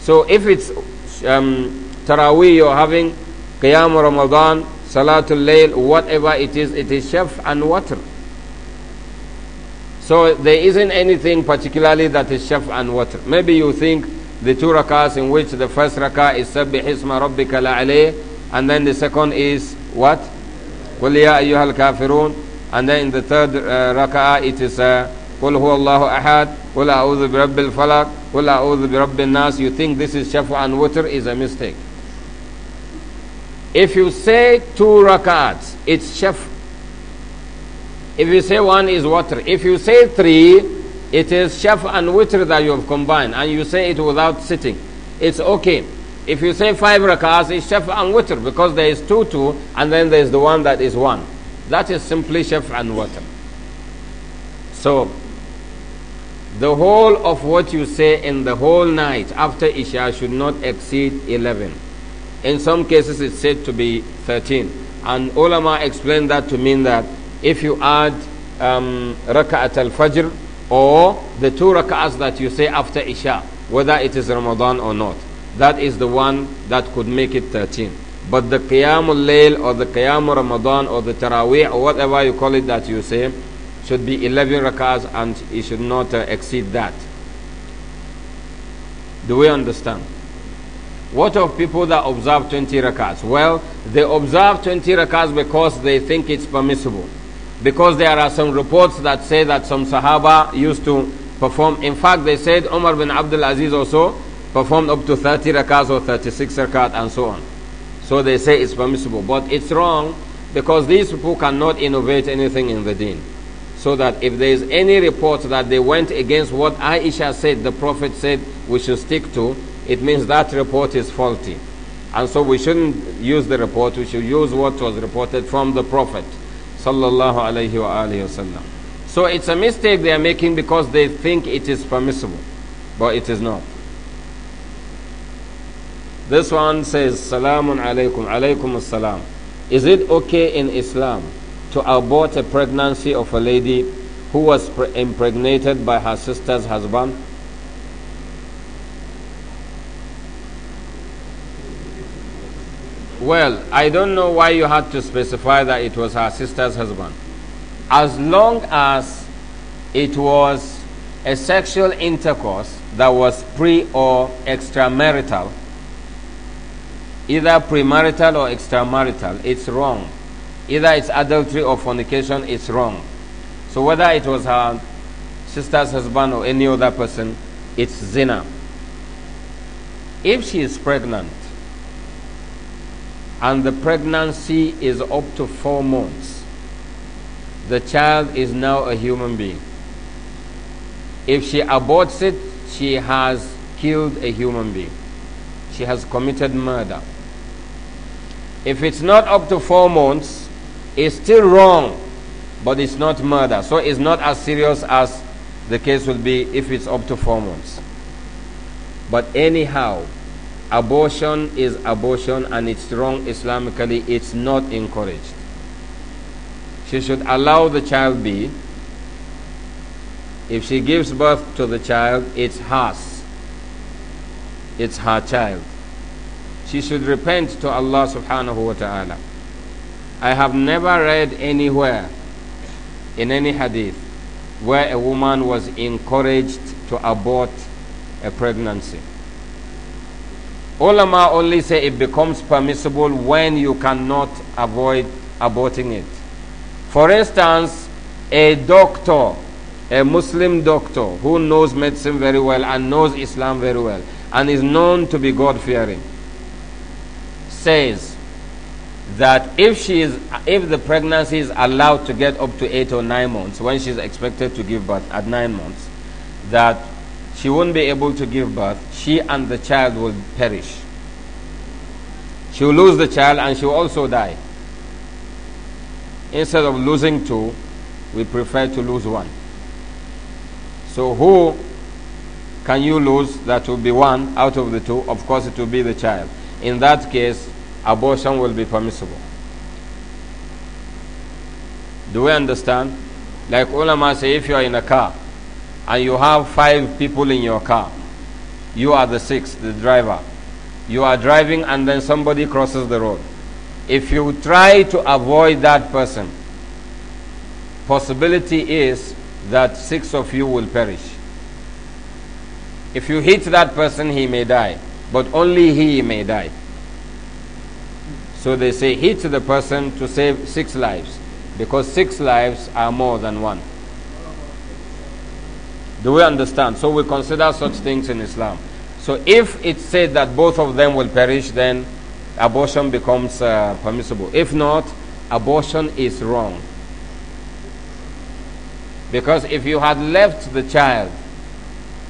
So if it's um, Taraweeh you're having, Qiyam Ramadan, Salatul Layl, whatever it is, it is Shaf and water. So there isn't anything particularly that is shaf and water. Maybe you think the two rakahs in which the first rakah is Sabbih Isma Rabbika La and then the second is what? قل يا أيها الكافرون and then in the third uh, raka'ah it is uh, قل هو الله أحد قل أعوذ برب الفلق قل أعوذ برب الناس you think this is shafa and water is a mistake if you say two rak'ahs it's shafa if you say one is water if you say three it is shafa and water that you have combined and you say it without sitting it's okay if you say five rak'ahs, it's shaf' and witr because there is two two and then there is the one that is one. That is simply shaf' and witr. So, the whole of what you say in the whole night after Isha should not exceed 11. In some cases, it's said to be 13. And ulama explained that to mean that if you add um, rak'at al fajr or the two rak'ahs that you say after Isha, whether it is Ramadan or not that is the one that could make it 13. But the Qiyamul Layl or the Qiyamul Ramadan or the Taraweeh or whatever you call it that you say should be 11 rakahs and it should not uh, exceed that. Do we understand? What of people that observe 20 rakahs? Well, they observe 20 rakahs because they think it's permissible. Because there are some reports that say that some Sahaba used to perform. In fact, they said Omar bin Abdul Aziz also performed up to 30 rakats or 36 rakat and so on. So they say it's permissible. But it's wrong because these people cannot innovate anything in the deen. So that if there is any report that they went against what Aisha said, the Prophet said we should stick to, it means that report is faulty. And so we shouldn't use the report, we should use what was reported from the Prophet. Sallallahu alayhi wa alayhi So it's a mistake they are making because they think it is permissible, but it is not. This one says, Salamun alaykum, alaykum assalam. Is it okay in Islam to abort a pregnancy of a lady who was impregnated by her sister's husband? Well, I don't know why you had to specify that it was her sister's husband. As long as it was a sexual intercourse that was pre or extramarital, either premarital or extramarital, it's wrong. Either it's adultery or fornication, it's wrong. So whether it was her sister's husband or any other person, it's zina. If she is pregnant and the pregnancy is up to four months, the child is now a human being. If she aborts it, she has killed a human being. She has committed murder. If it's not up to four months, it's still wrong, but it's not murder. So it's not as serious as the case would be if it's up to four months. But anyhow, abortion is abortion and it's wrong Islamically, it's not encouraged. She should allow the child be. If she gives birth to the child, it's hers. It's her child she should repent to Allah subhanahu wa ta'ala. I have never read anywhere in any hadith where a woman was encouraged to abort a pregnancy. Ulama only say it becomes permissible when you cannot avoid aborting it. For instance, a doctor, a Muslim doctor who knows medicine very well and knows Islam very well and is known to be God fearing says that if she is if the pregnancy is allowed to get up to eight or nine months when she's expected to give birth at nine months that she won't be able to give birth she and the child will perish she will lose the child and she will also die instead of losing two we prefer to lose one so who can you lose that will be one out of the two of course it will be the child in that case abortion will be permissible. Do we understand? Like ulama say, if you are in a car and you have five people in your car, you are the sixth, the driver. You are driving and then somebody crosses the road. If you try to avoid that person, possibility is that six of you will perish. If you hit that person, he may die, but only he may die. So they say hit the person to save six lives because six lives are more than one. Do we understand? So we consider such things in Islam. So if it's said that both of them will perish, then abortion becomes uh, permissible. If not, abortion is wrong. Because if you had left the child,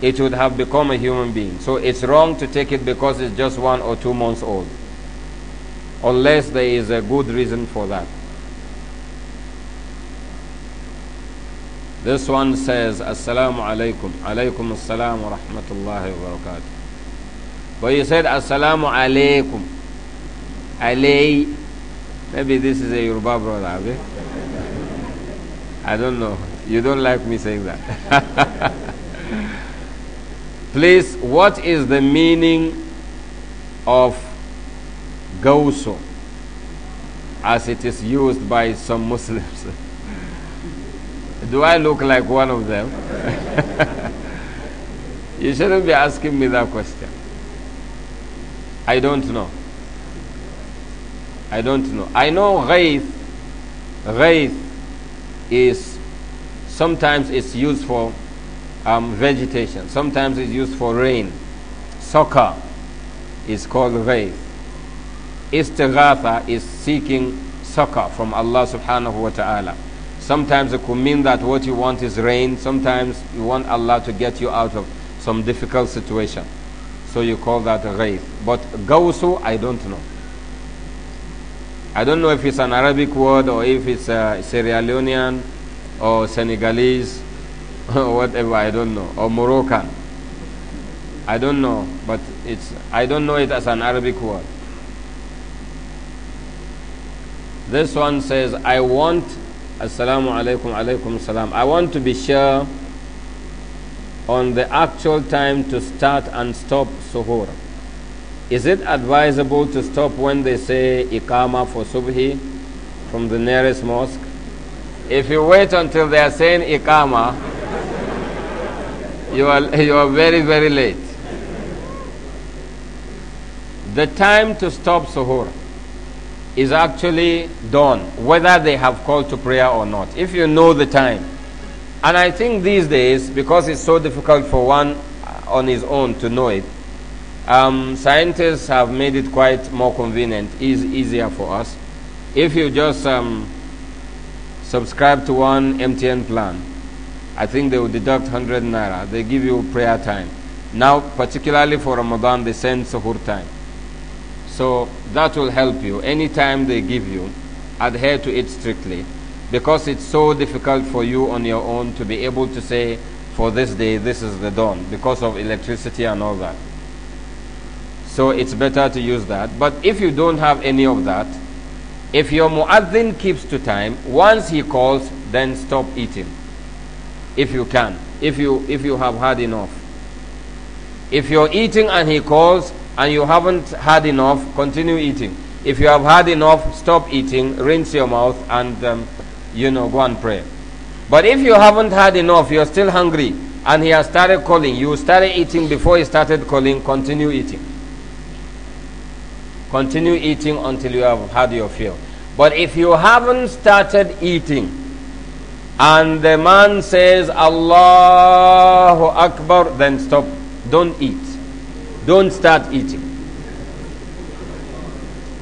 it would have become a human being. So it's wrong to take it because it's just one or two months old unless there is a good reason for that. This one says, Assalamu alaikum, alaikum assalam wa rahmatullahi wa barakatuh. But you said, Assalamu alaikum, alay. Maybe this is a Yoruba brother, have you? I don't know. You don't like me saying that. Please, what is the meaning of Gauso, as it is used by some Muslims. Do I look like one of them? you shouldn't be asking me that question. I don't know. I don't know. I know ghaith. Ghaith is sometimes it's used for um, vegetation. Sometimes it's used for rain. Soccer is called ghaith istighatha is seeking succor from Allah subhanahu wa ta'ala. Sometimes it could mean that what you want is rain. Sometimes you want Allah to get you out of some difficult situation. So you call that ghaith. But gawsu, I don't know. I don't know if it's an Arabic word or if it's a uh, Sierra Leonean or Senegalese or whatever, I don't know. Or Moroccan. I don't know, but it's I don't know it as an Arabic word. This one says, I want, Assalamu alaikum alaikum salam, I want to be sure on the actual time to start and stop suhoor. Is it advisable to stop when they say ikama for subhi from the nearest mosque? If you wait until they are saying ikama, you are, you are very, very late. The time to stop suhoor is actually done, whether they have called to prayer or not, if you know the time. And I think these days, because it's so difficult for one uh, on his own to know it, um, scientists have made it quite more convenient, is easier for us. If you just um, subscribe to one MTN plan, I think they will deduct 100 naira. They give you prayer time. Now, particularly for Ramadan, they send suhoor time. So that will help you. Anytime they give you, adhere to it strictly because it's so difficult for you on your own to be able to say, for this day, this is the dawn because of electricity and all that. So it's better to use that. But if you don't have any of that, if your muadzin keeps to time, once he calls, then stop eating. If you can, if you if you have had enough. If you're eating and he calls, and you haven't had enough, continue eating. If you have had enough, stop eating, rinse your mouth, and um, you know, go and pray. But if you haven't had enough, you're still hungry, and he has started calling, you started eating before he started calling, continue eating. Continue eating until you have had your fill. But if you haven't started eating, and the man says, Allahu Akbar, then stop. Don't eat. Don't start eating.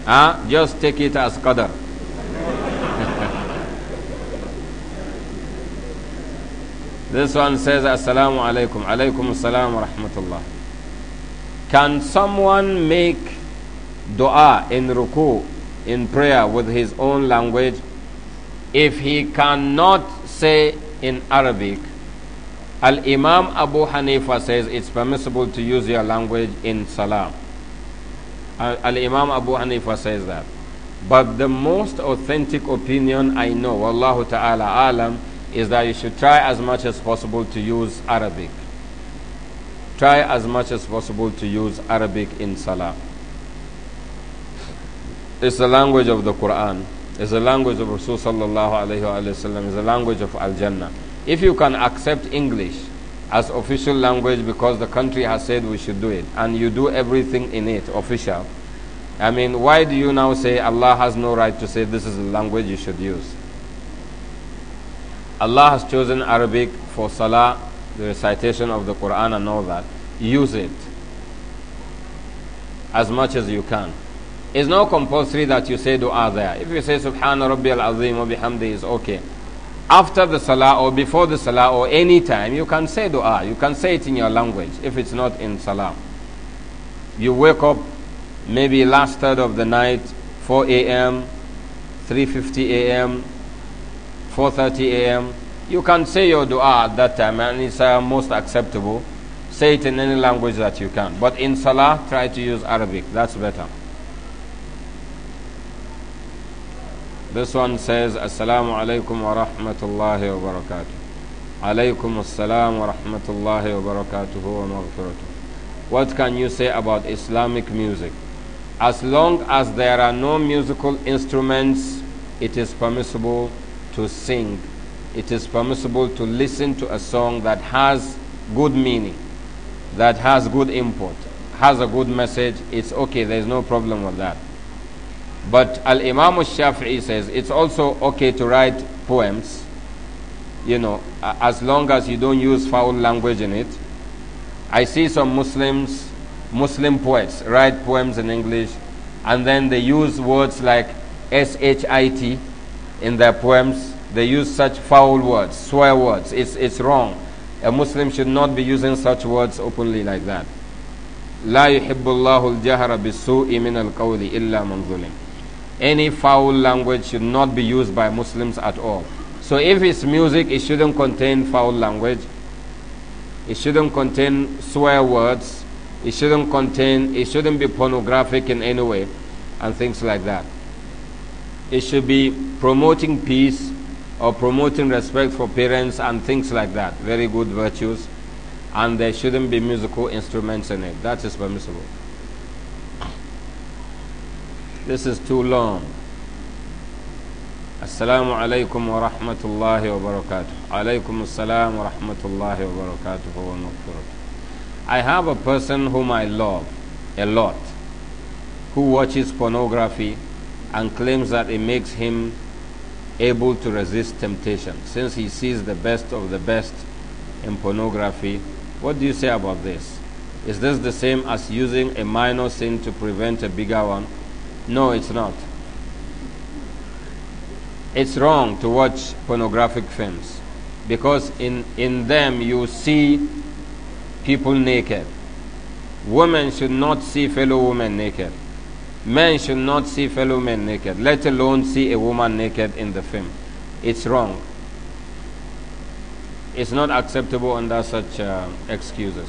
Huh? Ah, just take it as qadar. this one says, Assalamu alaikum. Alaikum assalam wa rahmatullah. Can someone make dua in ruku, in prayer, with his own language? If he cannot say in Arabic, Al Imam Abu Hanifa says it's permissible to use your language in salam. Al Imam Abu Hanifa says that. But the most authentic opinion I know, Wallahu ta'ala alam, is that you should try as much as possible to use Arabic. Try as much as possible to use Arabic in Salah. It's the language of the Quran. It's the language of Rasulullah sallallahu alayhi wa It's the language of Al-Jannah. If you can accept English as official language because the country has said we should do it, and you do everything in it official, I mean, why do you now say Allah has no right to say this is the language you should use? Allah has chosen Arabic for Salah, the recitation of the Quran, and all that. Use it as much as you can. It's not compulsory that you say dua there. If you say Subhana Rabbi al Azim wa bihamdi is okay after the salah or before the salah or any time, you can say dua. You can say it in your language if it's not in salah. You wake up maybe last third of the night, 4 a.m., 3.50 a.m., 4.30 a.m. You can say your dua at that time and it's uh, most acceptable. Say it in any language that you can. But in salah, try to use Arabic. That's better. This one says, Assalamu alaikum wa rahmatullahi wa barakatuh. Alaykum assalam wa rahmatullahi wa barakatuh wa maghfiratuh. What can you say about Islamic music? As long as there are no musical instruments, it is permissible to sing. It is permissible to listen to a song that has good meaning, that has good import, has a good message. It's okay, there's no problem with that. But Al Imam Shafi'i says it's also okay to write poems, you know, as long as you don't use foul language in it. I see some Muslims, Muslim poets, write poems in English and then they use words like shit in their poems. They use such foul words, swear words. It's, it's wrong. A Muslim should not be using such words openly like that. لا يحب الله الجهر بالسوء من القول إلا من ظلم any foul language should not be used by Muslims at all. So if it's music, it shouldn't contain foul language. It shouldn't contain swear words. It shouldn't contain, it shouldn't be pornographic in any way and things like that. It should be promoting peace or promoting respect for parents and things like that. Very good virtues. And there shouldn't be musical instruments in it. That is permissible. This is too long. Assalamu alaikum wa rahmatullahi wa barakatuh. Alaikum assalam wa rahmatullahi wa barakatuh wa I have a person whom I love a lot who watches pornography and claims that it makes him able to resist temptation since he sees the best of the best in pornography. What do you say about this? Is this the same as using a minor sin to prevent a bigger one? No, it's not. It's wrong to watch pornographic films because in, in them you see people naked. Women should not see fellow women naked. Men should not see fellow men naked, let alone see a woman naked in the film. It's wrong. It's not acceptable under such uh, excuses.